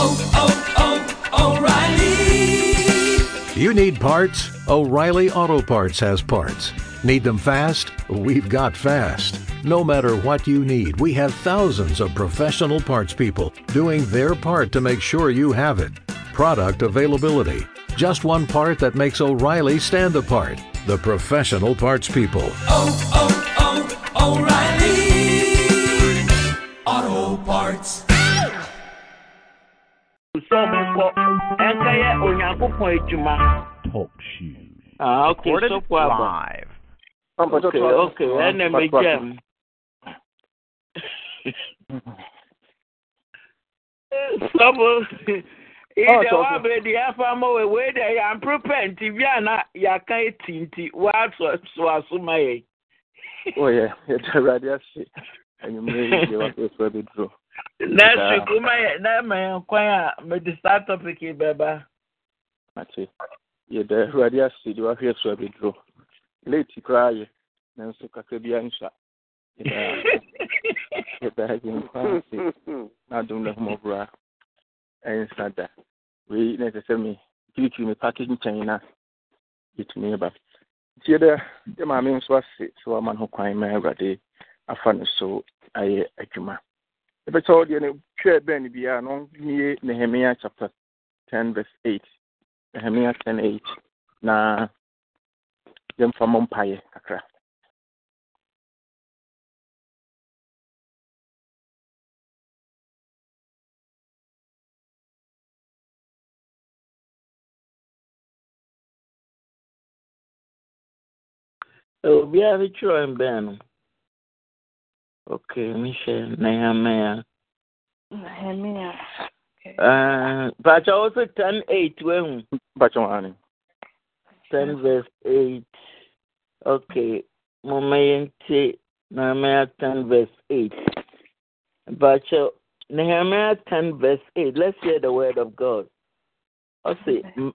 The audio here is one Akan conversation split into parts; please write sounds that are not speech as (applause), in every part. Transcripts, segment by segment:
oh, oh, oh, O'Reilly. You need parts? O'Reilly Auto Parts has parts. Need them fast? We've got fast. No matter what you need, we have thousands of professional parts people doing their part to make sure you have it. Product availability. Just one part that makes O'Reilly stand apart. The professional parts people. Oh, oh Talk shoes. Ah, okay, Recorded so live. Okay, okay, and then make them. Trouble. I'm oh, prepared. If you are not, can't tinti. What was my? Oh, yeah, (laughs) it's a radiation. And you may be able to through. next week ụmụ ya na ma ya nkwan a mede saa topic yi bɛba. ate yɛda awurade ase de wahwɛ so koraa yɛ nanso kakra bia nsua yɛda agye nkwa na adom no ahomɔborɔ a ɛnsa na ɛsɛ me kirikiri me pake nkyɛn na yɛtumi ba nti yɛda yɛ maame nso ase sɛ wama no kwan ma awurade afa no so ayɛ adwuma ɛbɛkyɛ wo deɛ no hwɛ bɛn no biara no nie nehemia chapter 10 verse 8 nehemia 10 8 na yɛmfa mmɔ mpaeɛ kakra eh, obiara twerɛ mbɛn no Okay, Michelle Nehemiah. Nehemiah. Okay. Uh, but also turn 8, when? But you want 10 verse 8. Okay. Moment, Nehemiah 10 verse 8. But Nehemiah 10 verse 8. Let's hear the word of God. I see. Uh,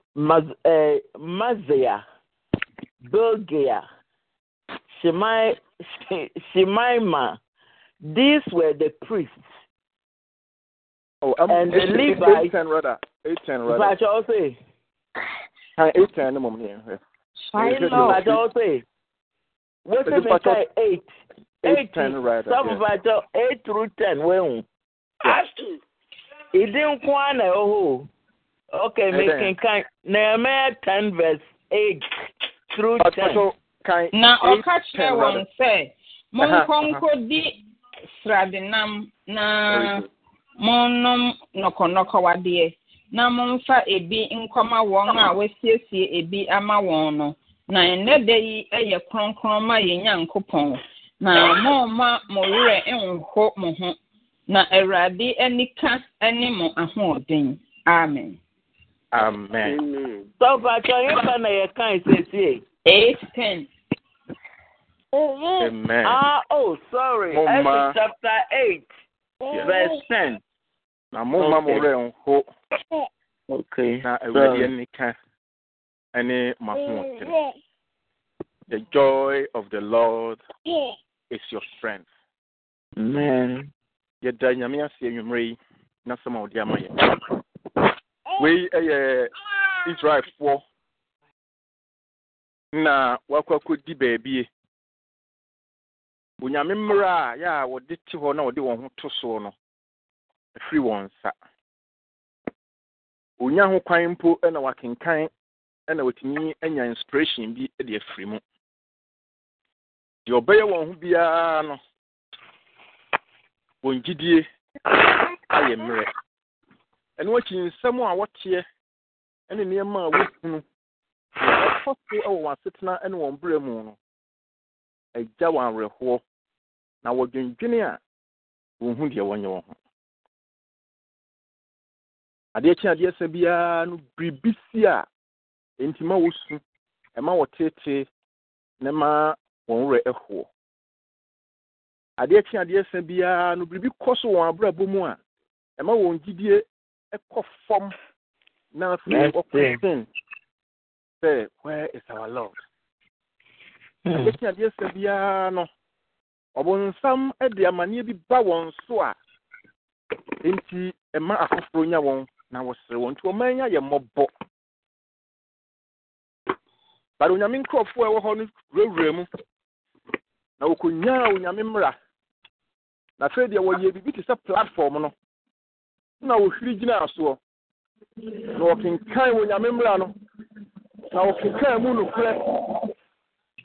Mazia, Bulgaria, Shemaima, these were the priests. Oh, I'm, and the Levites. Eight, ten, rather. Eight, ten, rather. But you say. Eight, ten, mum here. I know. But What's the matter? Eight. Eight, ten, rather. Some battle eight through ten. Well, as to. It didn't quite know who. Okay, making kind. Nehemiah ten verse eight through ten. Na ọka kyerɛ wɔn sɛ monkɔ nkɔdi Srade sradenam na monnom nnɔkɔnnɔkɔwadeɛ na momfa ebi nkọma wọn a wɔasiesie ebi ama wọn nọ. na nnɛ da yi yɛ kronkron ma nya nkụpọn, na momma mo werɛ nho mo ho na awurade ani ka ne mo ahoɔden amen amen. sọfà àtọyìn kan na ya ka ìṣesí ẹ. eight ten. Mm-hmm. Amen. Ah, oh, sorry. Moma. Ezra chapter 8, yes. verse 10. Na mo ma mo re nko. Okay. Na ewedi enika ene mahu mm-hmm. The joy of the Lord is your strength. Amen. Yɛda nyame ase anwummerɛ yi na sɛm a wɔde We yɛ. Mm. Wei yɛ Israelfoɔ na wakɔ akɔdi baabie. onyame mmerɛ a yɛ a wɔde te hɔ na wɔde wɔn ho to soɔ no efiri wọn nsa onye ahụ kwan mpo na wakenkan na watumi anya inspiration bi de efiri mụ. deɛ ɔbɛyɛ wɔn ho biara no wɔn gyidie ayɛ mmerɛ ɛno akyi nsɛm a wɔteɛ ne nneɛma a wɔhunu deɛ ɛkɔ so wɔ wɔn asetena ne wɔn berɛ mu no agya wɔn awerɛhoɔ na wɔdwendwene a wɔnhu deɛ wɔnyɛ wɔn ho adeɛ kye adeɛ sɛ biara no biribi si a enti wɔsu ɛma wɔtetee na ma wɔn werɛ ɛhoɔ adeɛ kye adeɛ sɛ biara no biribi kɔ so wɔn abrabɔ mu a ɛma wɔn gyidie ɛkɔ fam na afei wɔkɔ sin sɛ where is our lord hmm. adeɛ kye adeɛ sɛ biara no ɔbɔnsam de amanneɛ bi ba wɔn so a nti ɛma afoforɔ nya wɔn na wɔsere wɔn nti ɔman yɛ mmɔbɔ bade onyame nkurɔfoɔ a ɛwɔ hɔ no wurawura mu na wɔkɔnyaa onyame mmara na afei deɛ wɔyɛ biribi te sɛ platform no na wɔhwiri gyinaa soɔ na wɔkenkan onyame mmara no na wɔkenkan mu nokorɛ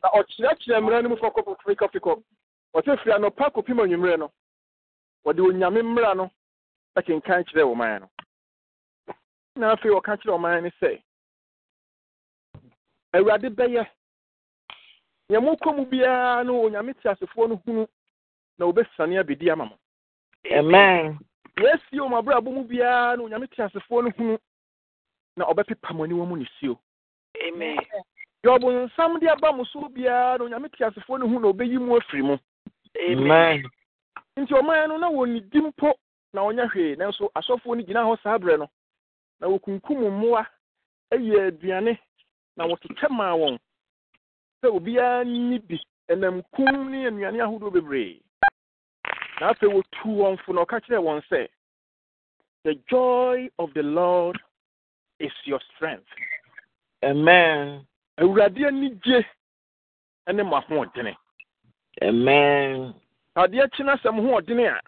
na ɔkyerɛkyerɛ mmara no mu kɔkɔ foforo kɔfikɔ wɔte firi anɔpa kɔpem anwummerɛ no wɔde onyame mmara no ɛkenkan kyerɛ ɔman no na afei wɔka kyerɛ ɔman no sɛ awurade bɛyɛ nea mokɔ mu biara no onyame teasefoɔ no hunu na wɔbɛsiane abɛdi ama mo amen yɛasie ɔm abrabɔ mu biara no onyame teasefoɔ no hunu na ɔbɛpepa mo aniwa mu ne suo amen deɛ ɔbonsam de aba mo so biara no onyame teasefoɔ no hu na ɔbɛyi mu afiri mu nti ɔman no na wɔnnidi mpo na ɔnyɛ hwee nanso asɔfoɔ no gyina hɔ saa berɛ no na wɔkunkum mmoa ɛyɛ aduane na wɔtetɛ maa wɔn sɛ obiara nni bi ɛnam kum ne nnuane ahodoɔ bebree na afei wɔtu wɔn fo na ɔka kyerɛɛ wɔn sɛ the joy of the lord is your strength amen awurade anigye ne mo ahoɔdene Amen. Adeɛ kyi na sɛ mo ho ɔdene a,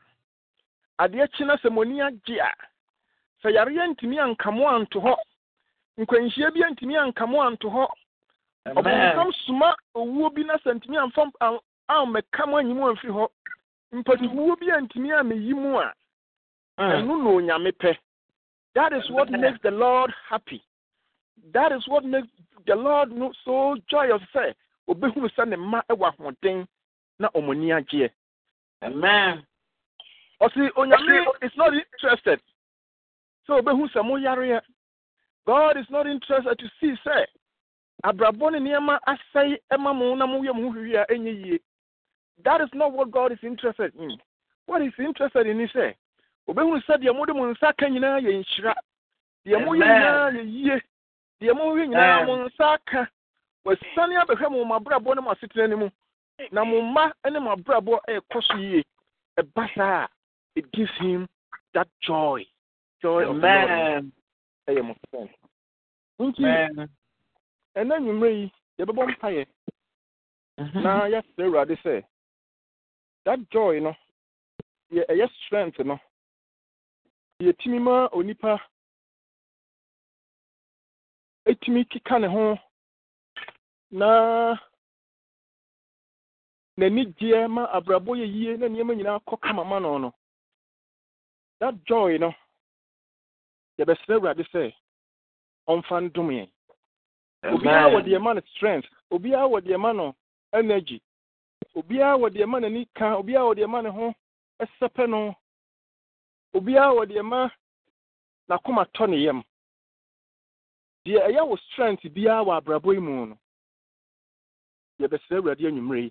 adeɛ kyi na sɛ mo ani agye a, sɛ yareɛ ntumi anka mo anto hɔ, nkwanhyia bi ntumi anka mo anto hɔ, ɔbɔnsam soma owuo bi na sɛ ntumi amfa ammɛka mo anyi mo amfiri hɔ, mpatuwuo bi ntumi antumi ammeyi mu a, mm. ɛno na onyame pɛ. That is what makes the Lord happy. That is what makes the Lord so joyous sɛ obehunu sɛ ne mma wɔ ahoɔden. na ọmọ onyame is not interested So obehu sɛ mo yareɛ god is not interested to see sɛ na yie that is not what god is interested in what is interested in is sɛ obehu deɛ de nsa ka nyinaa yɛ nhyira deɛ nyinaa yɛ yie deɛ nyinaa nsa ka na mo mma ne mo abrabɔ ɛrekɔ so yie ɛba saa it gives him that joy joy man ɛyɛ mo strength nti ɛnna nwummerɛ yi yɛbɛbɔ mpaeɛ mhm. na yɛsrɛ awurade sɛ that joy no yɛ ɛyɛ strength no yɛtumi ma onipa ɛtumi keka ne ho na. na n'ani gyeɛ ma abrabɔ yɛ yie na nneɛma nyinaa kɔ kama ma no no that joy no yɛbɛsrɛ awurade sɛ ɔmfa ndom yɛn obiara wɔ deɛ ma no strength obiara wɔ deɛ ma no energy obiara wɔ deɛ ma n'ani ka obiara wɔ deɛ ma ne ho ɛsɛpɛ no obiara wɔ deɛ ma n'akoma tɔ ne yam deɛ ɛyɛ wɔ strength biara wɔ abrabɔ yi mu no yɛbɛsrɛ awurade anwummerɛ yi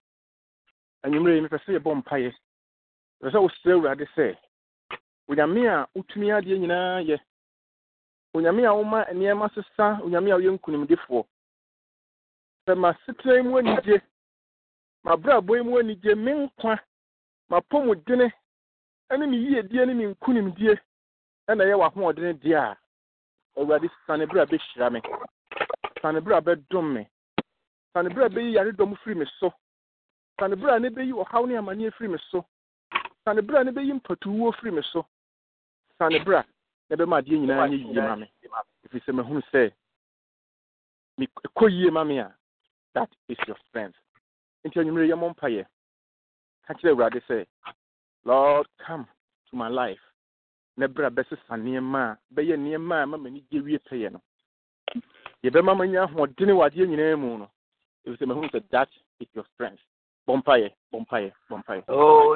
anwummerɛ yi mepɛ sɛ yɛbɔ mpaeɛ ɛpɛ sɛ wosrɛ awurade sɛ onyame a wotumi adeɛ nyinaa yɛ onyame a woma nneɛma sesa onyame a woyɛ nkonimdifoɔ sɛ masetera yi mu anigye mabrabɔ yi mu anigye me nkwa mapɔmudene ne me yiedie ne me nkonimdie ɛna ɛyɛ w'ahoɔdene deɛ a awurade sane berɛ a bɛhyira me sane berɛ a bɛdom me sane berɛ a bɛyi yaredɔm firi me so sane berɛ a ne bɛyi ɔhaw ne amanneɛ firi me so sane a ne bɛyi mpatuwuo firi me so sane a adeɛ nyinaa nyɛ yie ma me ɛfiri sɛ mahunu sɛ yie ma me a that is your strength nti anwummerɛ yɛmmɔ ka kyerɛ awurade sɛ lord come to my life na berɛ a bɛsesa nneɛma a bɛyɛ nneɛma a ma m'ani gye wie pɛyɛ no yɛbɛma ahoɔdene wɔ adeɛ nyinaa mu no ɛfiri sɛ mahunu sɛ that is your strength Pompeia. Bompaye, Bompaye. Oh,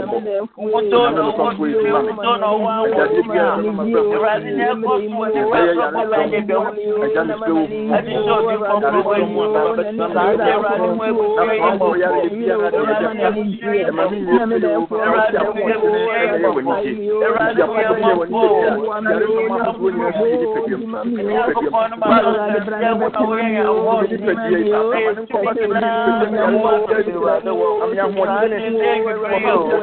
ọ̀bọ̀ wọ́n tó nà owó ju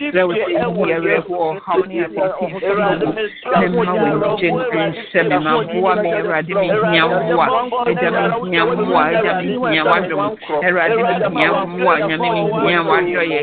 werɛhoɔyɛ werɛhoɔ ɔhaw ne atentenfam wɔ mu ne mma wɔngyɛ nsɛm maboa me awurade mehia mmoa agya mehia mmoa agya mehia wadom awurade mehia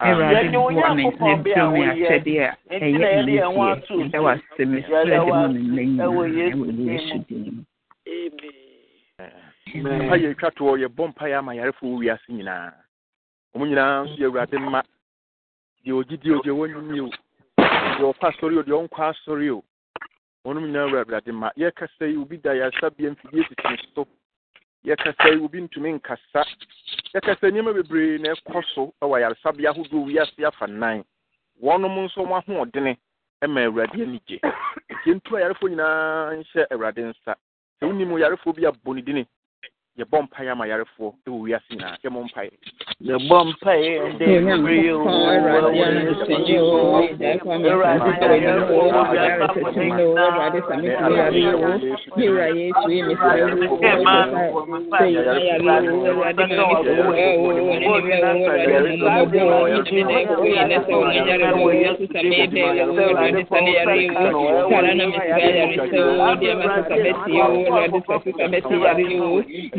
Awurade boa me ne mpiro me akyɛdeɛ a ɛyɛ nnesie ɛda wɔ asɛm srɛ de ma me mma nyinaa ɛwɔ yesu din mu ayɛ twa toɔ yɛbɔ mpaeɛ ama yarefo wɔ wiase nyinaa ɔmo nyinaa nso yɛ awurade mma deɛ ɔgyidie o deɛ wɔnyini o deɛ ɔkɔ asɔre o deɛ ɔnkɔ asɔre o wɔnom nyinaa wɔ awurade mma yɛkasa yi obi da yɛasa bia mfidie titiri so yɛkasa yi obi ntumi nkasa yɛkasa nneɛma bebree na ɛkɔ so wɔ ayaresabea ahodoɔ wiase afa nnan wɔnom nso wɔn ahoɔdene ma awurade ani gye yɛntu ayarefoɔ nyinaa nhyɛ awurade nsa sɛ wonim yarefoɔ bi abɔ ne dini yɛbɔ mpaeɛ ama yarefoɔ wɔ wiase nyinaa yɛbɔ mpaeɛ ɛdɛ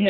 Thank you.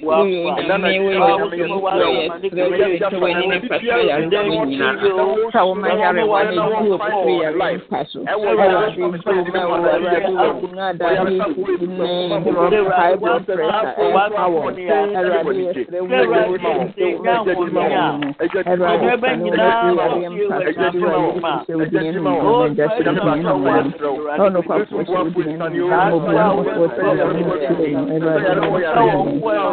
Well,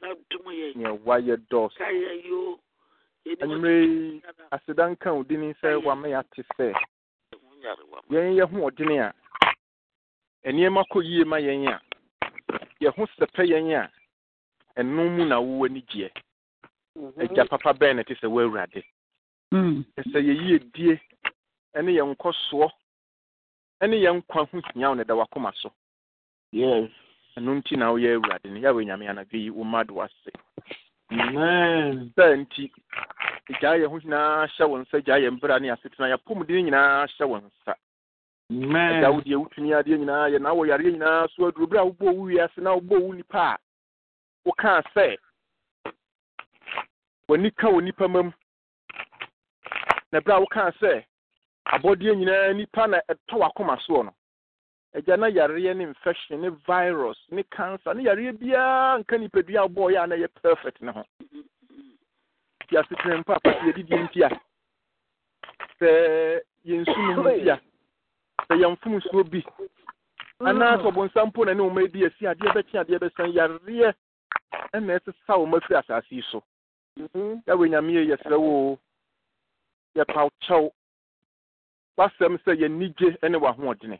na dum yɛ nyɛ wayɛ dɔɔso kayɛ yi aseda nka wo din sɛ wama yɛ ate sɛ yɛn yɛ ho ɔdene a nneɛma kɔ yie ma yɛn a yɛho sɛpɛ yɛn a ɛno mu na wo ani gyeɛ mhm. agya papa bɛn na ɛte sɛ woawurade mm. ɛsɛ yɛyie die ɛne yɛn nkɔsoɔ ɛne yɛn nkwa ho hia wo ne da wakoma so ɛno nti na woyɛ awurade no yɛwɔ nyame anadwo yi wo mma de wase sɛ nti gyaa yɛ ho nyinaa hyɛ wo nsa gyaa yɛ mbra ne asetena yɛapomden nyinaa hyɛ wo nsa ɛda wo deɛ wotumi adeɛ nyinaa yɛ na wɔyareɛ nyinaa so aduro berɛ a wobɔɔ wo wiase na wobɔɔ wo nipa a wokaa sɛ w'ani ka wɔ nipa ma mu na berɛ a wokaa sɛ abɔdeɛ nyinaa nipa na ɛtɔ w'akoma soɔ no agya na yareɛ ne infection ne virus ne cancer ne yareɛ biara nka nipadua abɔɔ yɛ a na yɛ perfect ne ho nti asetena mpo apa sɛ yɛdidi nti a sɛ yɛnsu no ho bi a sɛ yɛmfom suo bi anaa sɛ ɔbonsam mpo na ne wɔma adi asi adeɛ bɛkye adeɛ bɛsan yareɛ ɛna ɛsesa wɔma firi asase yi so yɛwɔ nyame yɛ yɛsrɛ wo yɛpaw kyɛw wasɛm sɛ yɛnigye ne wahoɔdene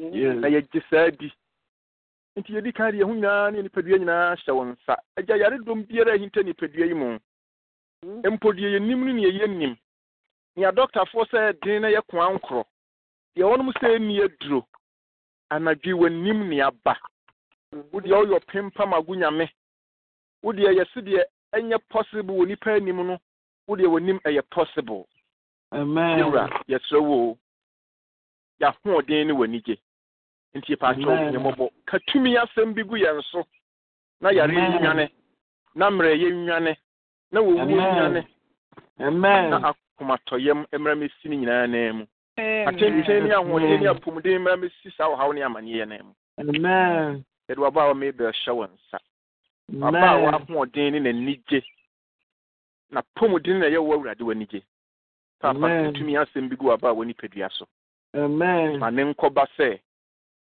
na yɛgye saa di nti yɛdi ka deɛ ho nyinaa ne nipadua nyinaa hyɛ wɔn nsa agya yaredɔm biara ahinta nipadua yi mu mpo deɛ yɛnim no neɛ yɛnim nea dɔktafoɔ sɛ den na yɛkoa nkorɔ deɛ wɔnom sɛ ɛni aduro anadwe w'anim ne aba wodeɛ woyɛ ɔpempam ago nyame wodeɛ yɛse deɛ ɛnyɛ possible wɔ nipa anim no wodeɛ w'anim ɛyɛ possible amen yɛwura yɛsrɛ wo o yɛahoɔden ne w'anigye nti yɛpaakyɛ yɛ mmɔbɔ ka tumi asɛm bi gu yɛn so na yare nnwane na mmerɛ yɛ nnwane na wɔwu nnwane na akomatɔyɛm mmerɛ mɛsi no nyinaa nan mu akyɛnkyɛn ne ahoɔden ne apɔmuden mmerɛ mɛsi saa ɔhaw ne amanneɛ nan mu yɛde wabɔ a wɔmɛbɛ hyɛ wɔ nsa waba a wɔahoɔden ne n'anigye na pɔmuden na ɛyɛ wɔ awurade w'anigye paapa tumi asɛm bi gu waba a wɔ nipadua so ma ne nkɔba sɛ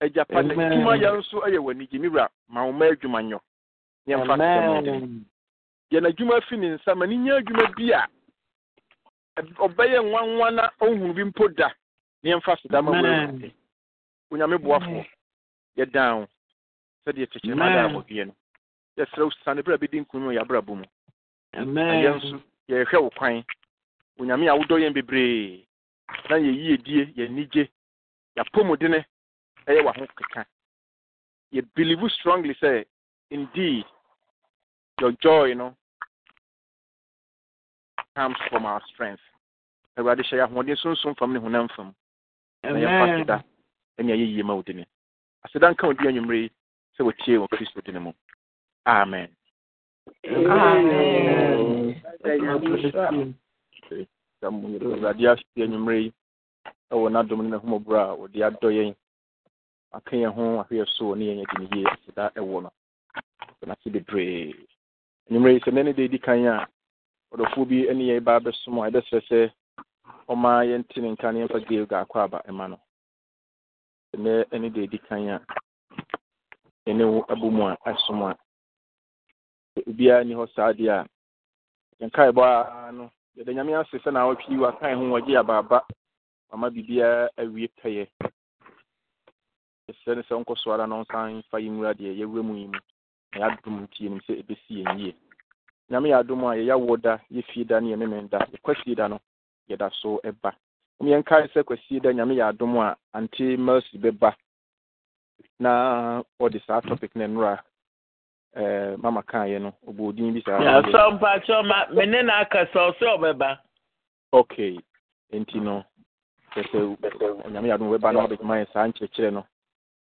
agyapa na adwuma yɛ nso yɛ wɔ anigye me wura ma wo ma adwuma nyɔ yɛmfa yɛ n'adwuma fi ne nsa ma ne nya adwuma bi a ɔbɛyɛ nwanwa na ɔhunu bi mpo da ne yɛmfa so da ma wɔ onyame boafoɔ yɛdan wo sɛdeɛ kyekyere ma da abɔdeɛ no yɛsrɛ wo sane berɛ a bɛdi nkumi mu yɛabrabɔ mu ɛyɛ nso yɛhwɛ wo kwan onyame a wodɔ yɛn bebree na yɛyie die yɛnigye yɛapɔmudene ɛyɛ wɔ ho keka yɛ believe strongly say indeed your joy no comes from our strength awurade hyɛ yɛ ahoɔden fam ne honam fam yie ma wo dini aseda nka wo di anwummere yi sɛ wɔtie wɔ kristo dini mu amen aka ya ho ya so ne yɛn adwene yie aseda ɛwɔ bebree anwummerɛ yi sɛ ne kan a ɔdɔfoɔ bi ne yɛ ba bɛsom a ɛbɛsrɛ sɛ ɔma yɛnte ne nka ne yɛmfa gilgal kɔ aba ɛma no nnɛ ne kan a ɛne wo abɔ mu a a a yɛnka ɛbɔ no nyame ase sɛ na awɔtwe ho wɔgye abaaba mama biribiara awie pɛyɛ ɛsɛ sɛ ɔnkɔ so ara na ɔnsan fa yi nwura deɛ yɛwura mu yi mu na yɛadom nti yɛnim sɛ ɛbɛsi yɛn yie nyame yɛ adom a yɛyɛwoɔ da yɛfie da ne yɛmemɛn da yɛkwasie da no yɛda so ɛba m yɛnkae sɛ kwasie da nyame yɛ adom a ante mercy bɛba na ɔde saa topic no nnora eh, mama kaeɛ no ɔbɔ din bi saasɔ mpakyɛ ma me ne na sɛ ɔbɛba okay enti no sɛ sɛ nyame yɛ adom wɛba na wabɛma yɛ saa nkyerɛkyerɛ no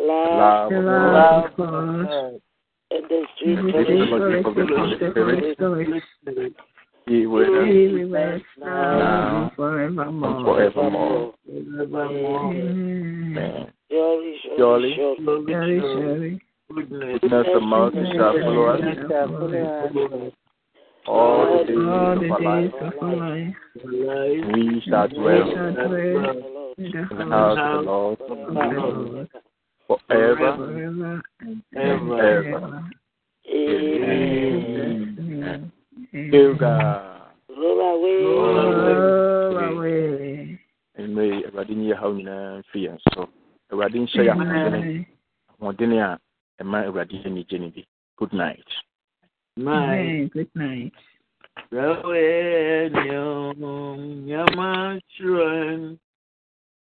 love, love, love, and the sweet fellowship the will forevermore. forevermore. Surely, surely, surely, surely, all the days of our life. We shall dwell in the house of the Lord forever and ever. Amen. Give God. mmerɛ awurade ne yɛhaw nyinaa mfi yɛn so awurade nhyɛ yɛ ahoɔdene ahoɔdene a ɛma awurade ani gye ne bi good night night good night Rawe nyom nyama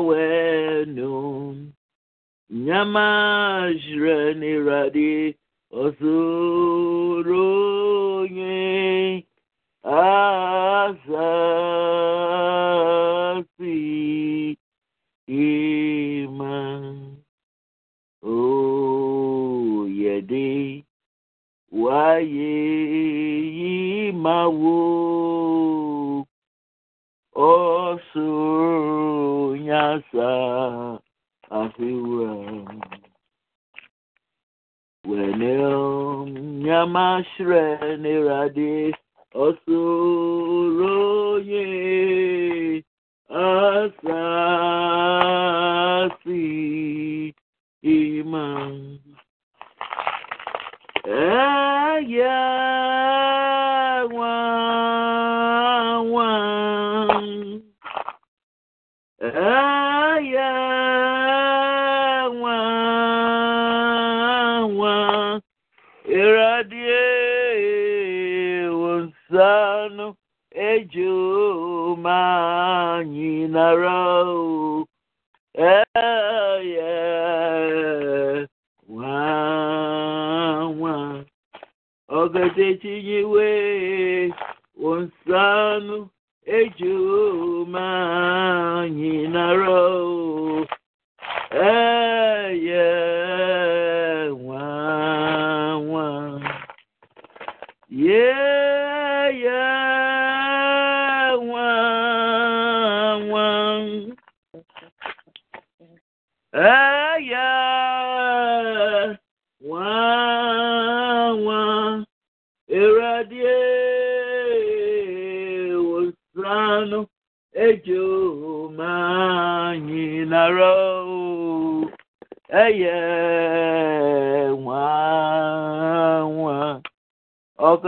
wenu nyama jreni radi osuronye asasi ima o yede waye imawo Onye amasịrị n'ịradị osoro ọgatetinyewe wonsanụ eji in a narọ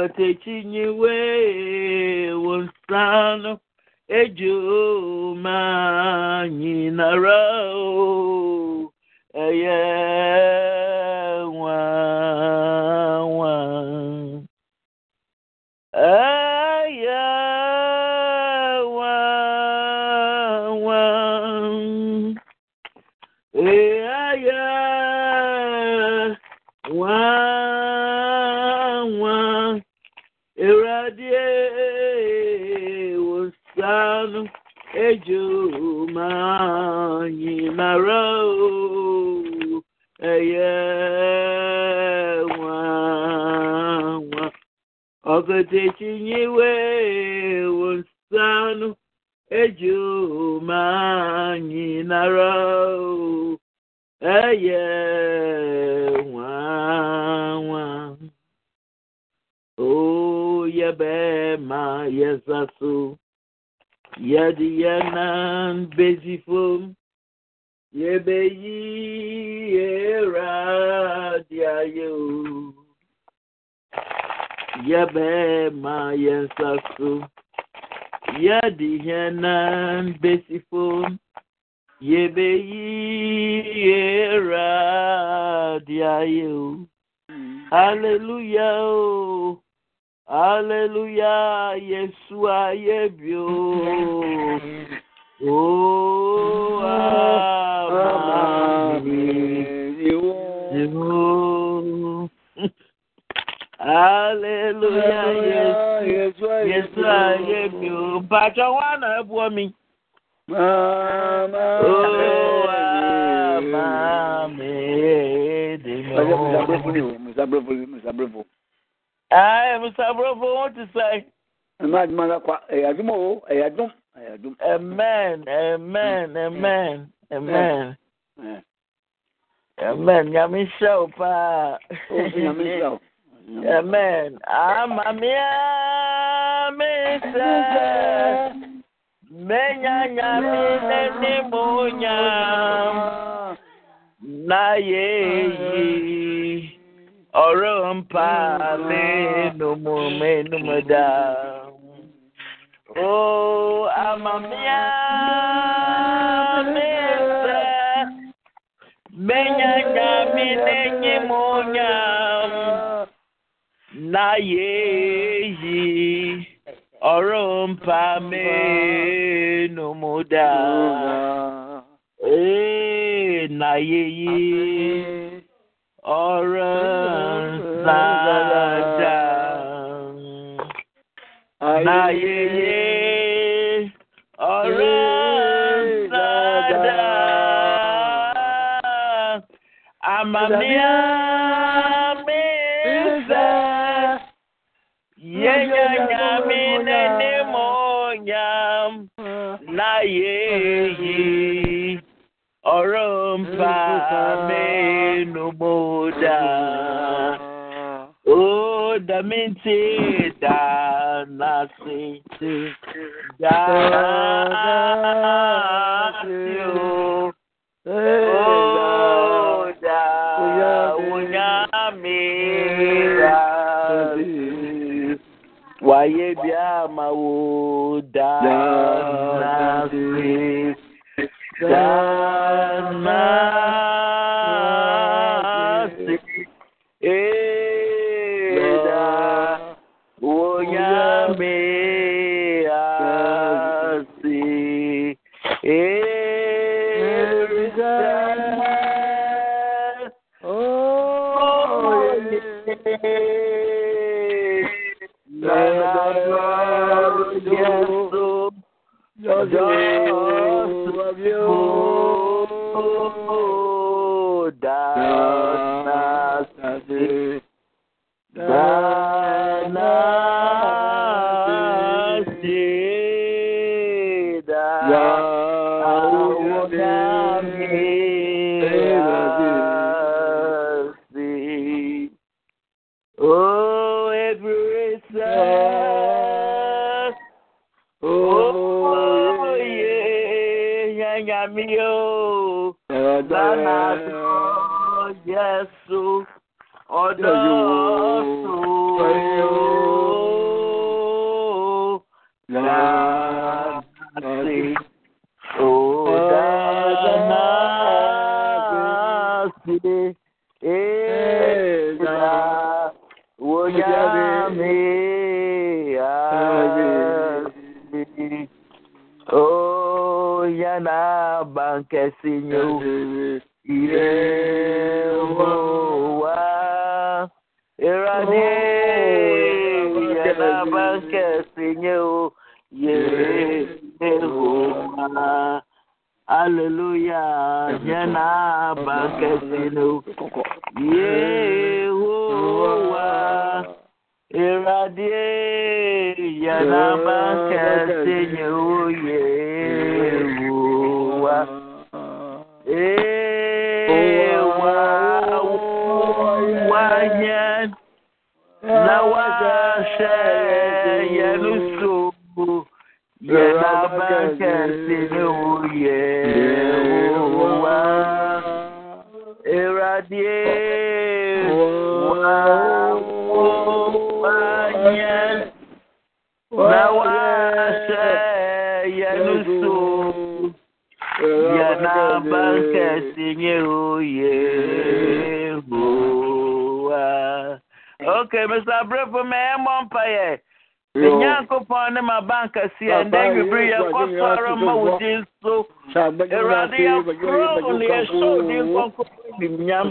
but teaching you away. eji ume anyị nara eye nwa nwa oyebe ma yezaso yedi ya na mbezifo yebe yi era dị anyị o yebe ma yezaso ihe na mbesifo yebe yera ayé o hallelujah o oh. hallelujah yesu aye bi o o amami. Hallelujah. Yes, yes, I am you. But I want to have me. Mama. Oh, ah, Mama. Mr. Bravo, Mr. Bravo. Aye, ah, Mr. Bravo, what to say? Amen, amen, mm, mm, amen, mm, amen. Amen. Amen. Nyame show pa. Oh, nyame show. Amen. Amamia misa menya nyamine ni munya na yeyi ọrụ mpa menumu menumu da. O oh, amamia misa menya nyamine ni munya. láyé yìí ọ̀rọ̀ ń pa mí nù mú dá ye yìí ọ̀rọ̀ da. Na ye yìí ọ̀rọ̀ ń sáadá àmàmíyá. ayé yìí ọ̀rọ̀ ń fa mẹ́nu mo dà ó dà mí tí dáná sí dáná sí o. Aye bia mawo da na si da na si e da wonya me a si e da oh yeah. Awurade yana mankɛse nye oye wa. Ewa wanyɛ na wahyɛ yɛnu so yana mankɛse nye oye wa. Awurade wa. Ọbakasi nye Yehowa. Okay, Mr. Abrefo, may I mumpire? Nyankopɔn ne ma bankasi a ndɛ nwibiri to kɔsɔre ma wo din so awurade yɛkorɔ wo ne yɛhyɛ wo din nkɔnkɔ nimnyam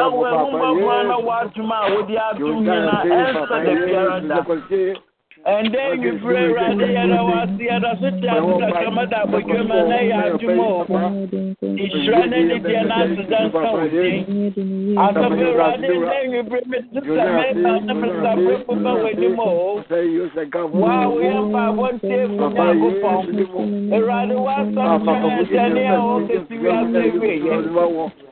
awo ɛhu bɔboa na I adwuma a wode adom nyina ɛnsɛ da biara da and and then pray, you ɛndɛ nyifire awurade yɛda wase yɛda so the asesa kama da abɔdwama na yɛ adwuma ɔ nhyira ne ne deɛ no we nka wo din asafo awurade ndɛ nyifire mesesa mɛba ne mesafo ba w'anim ɔ wa woyɛ mpaabɔ nteefo nyankopɔn awurade woasɔm kyɛn ɛsɛ ne we wɔkɛsi wiase awieɛ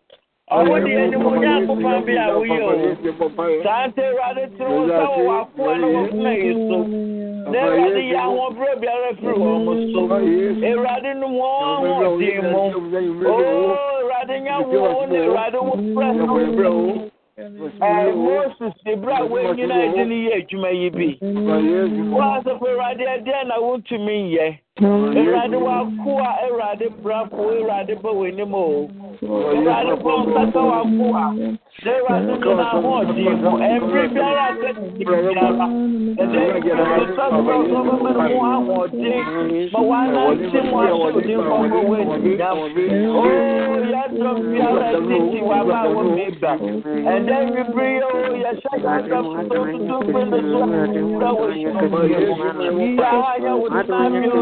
ọwọ́ ni ẹni mo ní àkópa bí àwọn yìí o sáńté ìwádìí tí ó sáwọ́ wà fún ẹni mo fún ẹ̀yìn so lẹ́yìn àti ìyá wọn búrò bí ẹrẹ́ fi wọ́n mo so ìwádìí nu wọ́n hàn sí i mu ó ìwádìí yẹn wọ́n ó ní ìwádìí wọ́n fúrẹ́ sí i. Mose sibra wee nyina edi n'ihe edwuma yi bi. Wọ́n asọ̀fọ̀ ìwádìí ẹ̀díẹ̀ na wọ́n tumi yẹ. Awurade wako a awurade brafo awurade bɔ wɔ anim o awurade bɔ nkasa wako a na awurade nyina ho ɔden mu ɛmmerɛ biara sɛ biara ɛdɛ ɛsɛ sɛ ɔsɔfo ma no ho ahoɔden ma wɔanante mu ahyɛ ɔden nkɔnkɔ wɔ anuonyam o yɛdɔm biara sisi waba a wɔ meba ɛdɛ nwibere yɛ o yɛhyɛ yɛdɔm ntototo mpe no so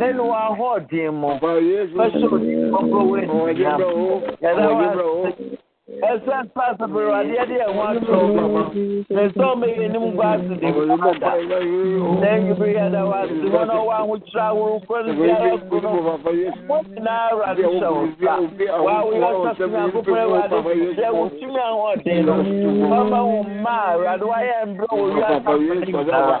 nínú ahọ́ ọ̀dìn mọ̀ fẹ́ṣọ̀ ọ̀pọ̀wé nìyà yàrá ẹsẹ̀ mpàṣẹ bẹ̀rẹ̀ adìẹ díẹ̀ wọn atọ́ ọ̀pọ̀pọ̀ n'ẹsẹ̀ ọmọ yẹn ní mú bá a ti padà lẹ́yìn bí yàrá wa ti wọn náà wà áhùn kyerá wọn fún bí yàrá kúrò wọn nyinaa rà ní sẹ wọn wà á wíwá sọfún yà kó pẹ́rẹ́ wà lè jẹ́ wọ́n àwọn ọ̀dẹ́ lọ wọ́n wọn máa rà ní wáyà ń bẹ̀rẹ̀ wọ́n yà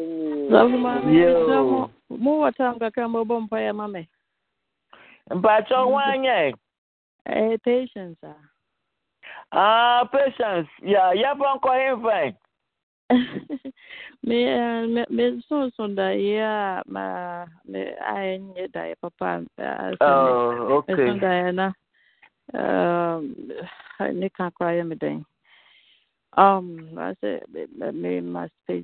muwatanga kamba bompa ya mame mpacho wanye eh patience ah ah patience ya ya banko invite (laughs) me me so so da ya ma me ayenye da ya papa oh okay me da ya na um ne kan kwa ya me um i said me my pay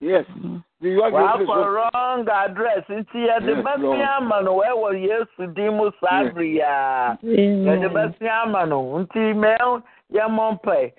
Yes. Mm-hmm. Wakɔrɔ wrong address nti yɛde bɛsia ama no ɛwɔ yesu din mu saa abiri ya yɛde bɛsia ama no nti mɛ yɛmɔ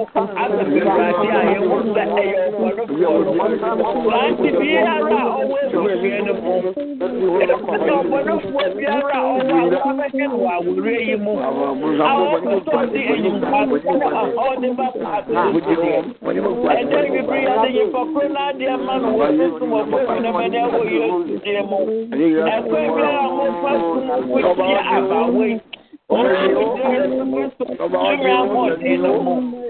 aka firati a ya wurga ɗaya wanti biyara owe zofiyeni mu ɛdɔkutɔ wɔne fuwa biara ɔwɔ awɔmɛkɛ no awure yi mu awɔkutɔ di enyimpa kɔnɔ ɔhɔde ba paaki ɛdɛ bibiri ade yi kɔkɔ n'adeɛ ma no wɔ ne so wɔ fɛn ne mɛ ne wɔ yɛ deɛ mu ɛkɔ biara mo fa sumu ko tie abawe. Ọba ọdún ọba ọdún ọba ọdún.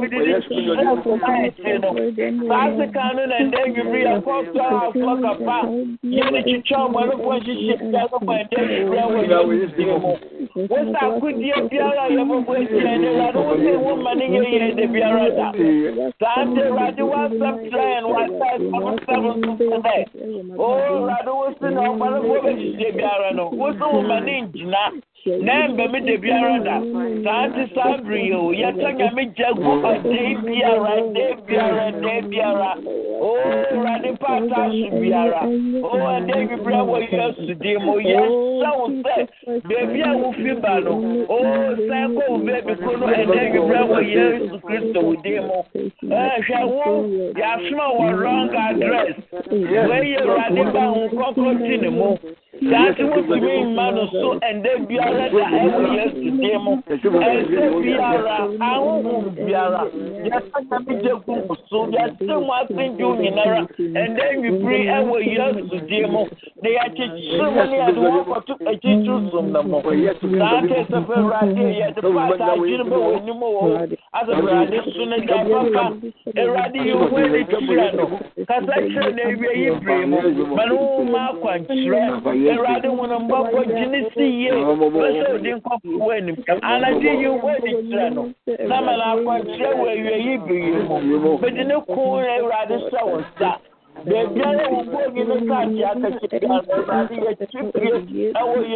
mididi saa sika no na ɛdɛ nwumiri akɔtɔ afɔ kapa yɛne twitwa ɔmanofo nhyehyɛ sika kɔpa ɛdɛ nwumiri awɔ yɛmudie mu wosa akodie biara a yɛbɔbɔ akyia ɛdɛ wurade wo sɛ wo ma ne yɛyɛ ɛdɛ biara da saa nti awurade woasɛm trɛ n wasa ɔmosɛm nso so dɛ o awurade wo si na ɔmanofo bɛhyehyɛ biara no wo sɛ wo ma ne ngyina na mmemme de biara da saa te saa biri o yɛsɛ nyame gya gu ɔde biara de biara de biara o awurade paata ahye biara o ɛde bibira wɔ yesu dim o yɛsɛ wo sɛ beebi a wofi ba no o sɛ kɔ wo beebi ko no ɛde bibira wɔ yesu kristo wo dim ɛhwɛ e, wo yɛasoma wɔ wrong address wɔyɛ awurade ba ho kɔkɔ ti ne mu saa ti wotumi mma no so ɛnda biara da ɛwɔ yesu deɛ mu ɛnda biara ahohom biara yɛsaka bi gye gu mu so yɛsɛ mu asendwo nyinara ɛnda nwibiri ɛwɔ yesu deɛ mu na yɛakyekyere mu ne yɛde wɔkɔto akyikyiri som no mu saa te sɛ fɛ awurade yɛde pa saa adwene bɛ wɔ anim wɔ hɔ asɛ awurade so no gya papa awurade yi ho ani kyerɛ no Erade wuna mbakwa jini siye. Wese udi nkofu weni. Anadi yu weni cheno. Nama na kwa chewe yue yibi yimu. Bedine kuwe erade sawa sa. Bebi ale wubu ogi ne kachi akachiri anadi ya chipye. Ewe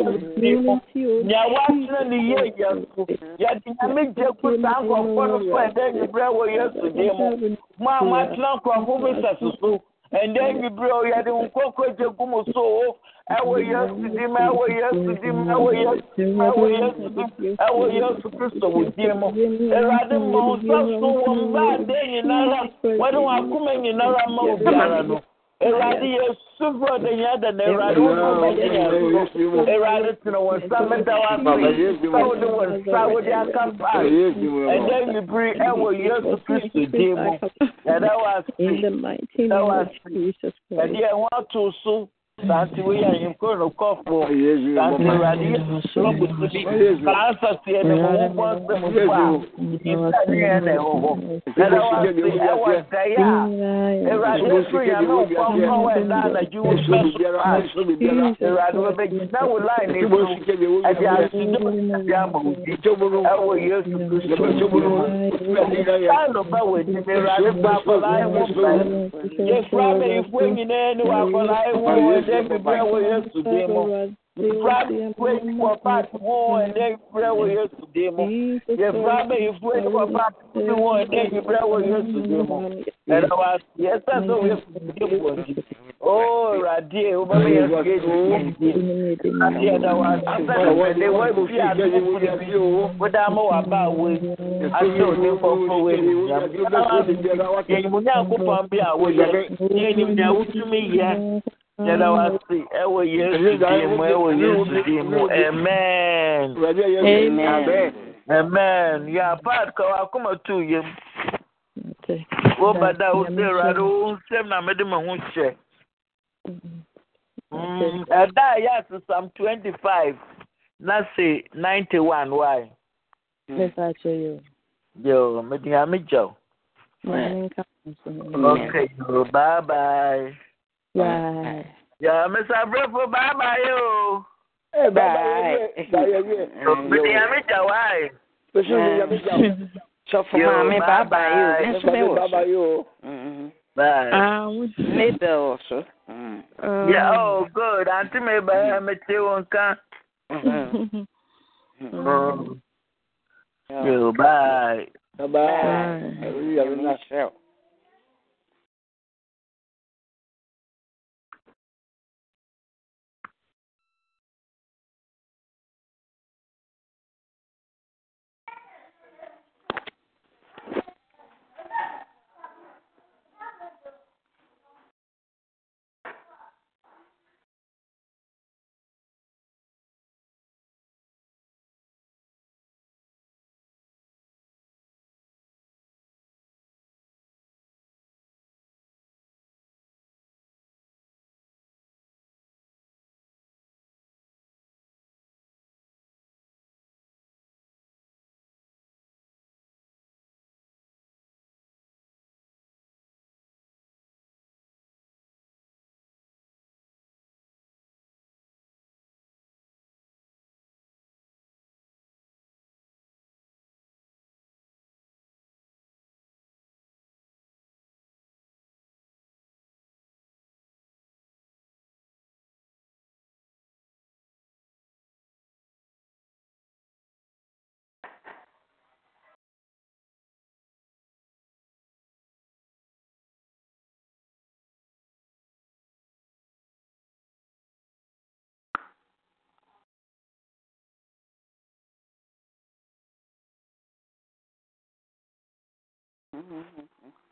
yimu. Nyawasina ni ye yesu. Yadinyame jeku tango kono kwa ende nyibre we yesu dimu. Mwa mwa tina kwa hubi sasusu. Ende nyibre o yadi unkoko jekumu so. our yesterday, our yesterday, our yesterday, our yesterday, our yesterday, so we came up. Ẹ̀rọ adé mọ̀ ọ́ sọ́sọ́ wọn bá dé yìí náírà, wọ́n ní wọn akúmẹ̀ yìí náírà mọ́ òbí ara nù. Ẹ̀rọ adé yẹ sùfúrọ̀ dé yẹn dẹ̀dẹ̀, ẹ̀rọ adé wọn kọ́ bẹ́ẹ̀ yẹn rẹ̀ lọ. Ẹ̀rọ adé tẹ̀lé wọn sá mẹ́ta wá sí, sáwọn ní wọn sá wọ́n di aká bá. Ẹ̀dẹ́ nìbírí ẹ̀ wọ Yéṣu Kristo dé mu. Ẹ̀dá wá sí, ẹ̀dá wá sí, ẹ̀dí ẹ̀ wọ́n tó so. Sante wo yɛ bi ɛdɛ bebree wɔ yesu den mu yɛfra abɛyifo enyifo ɔba atiwo ɛdɛ bebree wɔ yesu den mu yɛfra abɛyifo enyifo ɔba atiwo ɛdɛ bebree wɔ yesu den mu ɛdɛ wa yɛsɛ sɛ wɔyɛ fudie wɔ di oo radie o bɛbɛ yɛ fudie di yɛ adi ɛdɛ wa asɛ ɛdɛ wɔ fi adi wo yɛ fi o da ama wa ba awo yi asɛ o de kɔ fɔ wo yi yɛ nyɛ nyɛ nkupɔn bi awo yɛ nyere wa si ẹwọ yesu di mu ẹwọ yesu di mu amen amen yà apart kọ akọmọ tu yẹ mu wọ́n bá dá o ṣe ìrọ̀lẹ́ o ń ṣe na mẹ́rin mọ̀ ń ṣe ẹ̀dá psalm twenty five na ṣe ninety one why. ok bye bye. Right. Yeah, Miss Abrifo, bye bye uh, yo. Bye. bye bye. Bye bye Bye. Bye. Bye. Bye. Bye. Bye. Bye. Bye. Bye. Bye. Bye. Bye. Bye. Bye. Bye. Bye bye. Bye bye. mm-hmm.